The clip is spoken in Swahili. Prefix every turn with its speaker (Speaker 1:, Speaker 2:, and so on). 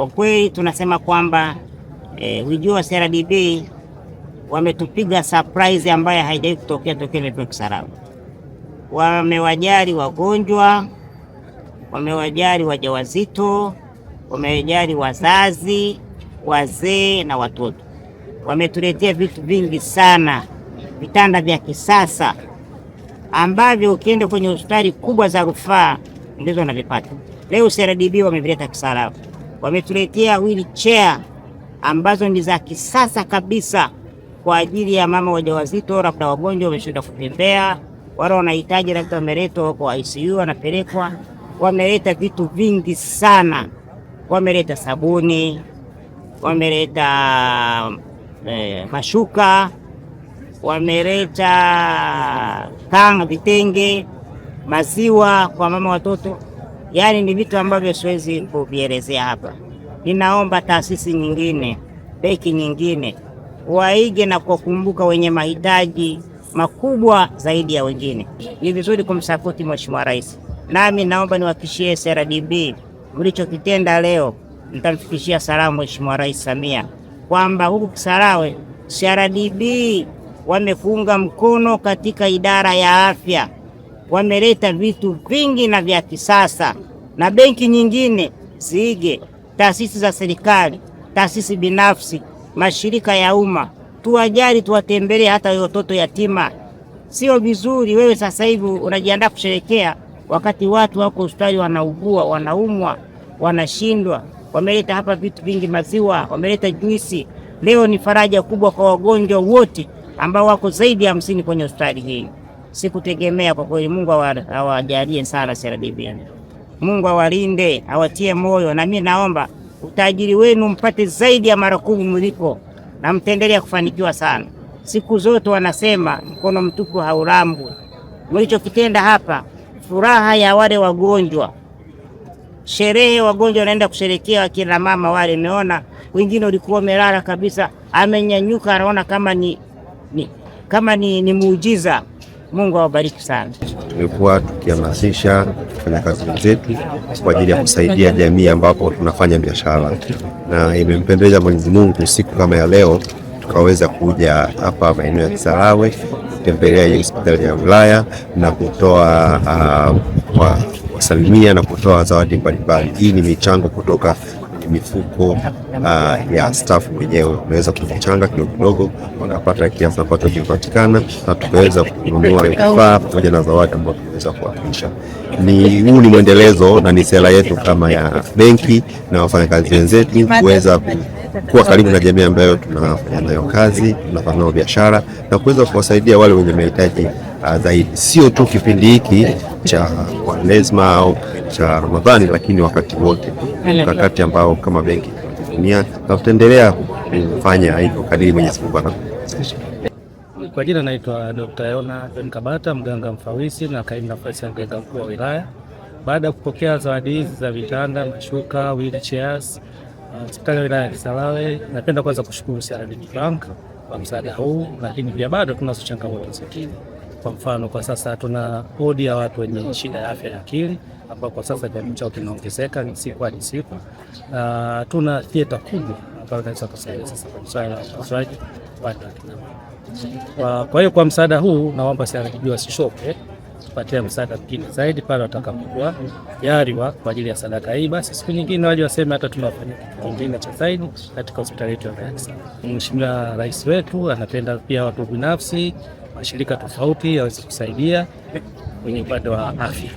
Speaker 1: Kwa kweli tunasema kwamba eh, wijua CRDB wametupiga surprise ambayo haijawahi kutokea tokea imepewa Kisarawe. Wamewajali wagonjwa, wamewajali wajawazito, wamewajali wazazi, wazee na watoto. Wametuletea vitu vingi sana, vitanda vya kisasa ambavyo ukienda kwenye hospitali kubwa za rufaa ndizo unavipata. Leo CRDB wamevileta Kisarawe. Wametuletea wheelchair ambazo ni za kisasa kabisa kwa ajili ya mama wajawazito, labda wagonjwa wameshinda kutembea, wale wanahitaji labda wameletwa huko ICU, wanapelekwa. Wameleta vitu vingi sana, wameleta sabuni, wameleta eh, mashuka, wameleta kanga, vitenge, maziwa kwa mama watoto Yaani ni vitu ambavyo siwezi kuvielezea hapa. Ninaomba taasisi nyingine, benki nyingine waige na kuwakumbuka wenye mahitaji makubwa zaidi ya wengine. Ni vizuri kumsapoti Mheshimiwa Rais, nami naomba niwahakikishie CRDB mlichokitenda leo nitamfikishia salamu Mheshimiwa Rais Samia kwamba huku Kisarawe CRDB wamefunga mkono katika idara ya afya wameleta vitu vingi na vya kisasa, na benki nyingine ziige. Taasisi za serikali, taasisi binafsi, mashirika ya umma, tuwajali, tuwatembelee hata watoto yatima. Sio vizuri wewe sasa hivi unajiandaa kusherekea wakati watu wako hospitali wanaugua, wanaumwa, wanashindwa. Wameleta hapa vitu vingi, maziwa, wameleta juisi. Leo ni faraja kubwa kwa wagonjwa wote ambao wako zaidi ya hamsini kwenye hospitali hii sikutegemea kwa kweli. Mungu awajalie sana Serabibian, Mungu awalinde, awatie moyo, na mimi naomba utajiri wenu mpate zaidi ya mara kumi mlipo, na mtendelea kufanikiwa sana. Siku zote wanasema mkono mtupu haulambwi. Mlichokitenda hapa, furaha ya wale wagonjwa, sherehe, wagonjwa wanaenda kusherekea, wakina mama wale, meona wengine walikuwa wamelala kabisa, amenyanyuka, anaona kama ni, ni, kama ni, ni muujiza Mungu awabariki sana.
Speaker 2: Tumekuwa tukihamasisha kazi zetu kwa ajili ya kusaidia jamii ambapo tunafanya biashara, na imempendeza Mwenyezi Mungu siku kama ya leo tukaweza kuja hapa maeneo ya Kisarawe kutembelea hospitali ya wilaya na kutoa uh, ah, wasalimia na kutoa zawadi mbalimbali. Hii ni michango kutoka mifuko uh, ya staff wenyewe unaweza kuchanga kidogo kidogo, wakapata kiasi ambacho kinapatikana, na tukaweza kununua vifaa pamoja na zawadi ambazo tunaweza kuwakilisha. Ni huu ni mwendelezo na ni sera yetu kama ya benki na wafanyakazi wenzetu kuweza kuwa karibu na jamii ambayo tunafanya nayo kazi, tunafanya biashara na kuweza kuwasaidia wale wenye mahitaji Uh, zaidi, sio tu kipindi hiki cha Kwaresma au cha Ramadhani, lakini wakati wote, mkakati ambao kama benki dunia na tutaendelea kufanya hivyo kadiri Mwenyezi Mungu anavyowezesha.
Speaker 3: Kwa jina naitwa Dr. Yona John Kabata, mganga mfawisi na kaimu nafasi ya mganga mkuu wa wilaya. Baada ya kupokea zawadi hizi za vitanda, mashuka, wheelchairs uh, hospitali ya wilaya ya Kisarawe, napenda kwanza kushukuru CRDB Bank kwa msaada huu, lakini pia bado tunazo changamoto zingine. Kwa mfano, kwa sasa tuna bodi ya watu wenye shida ya afya ya akili ambao kwa sasa kiwango chao kinaongezeka siku hadi siku. na tuna theater kubwa ambayo inaweza kusaidia sasa kwa swala la upasuaji wa akina Kwa hiyo kwa msaada huu naomba sana wasishoke tupatie msaada mwingine zaidi pale watakapokuwa jariwa kwa ajili ya sadaka hii, basi siku nyingine waje waseme hata tunafanya kitu kingine cha zaidi katika hospitali yetu ya Mheshimiwa Rais wetu anapenda pia watu binafsi mashirika tofauti yaweze kusaidia kwenye upande wa afya.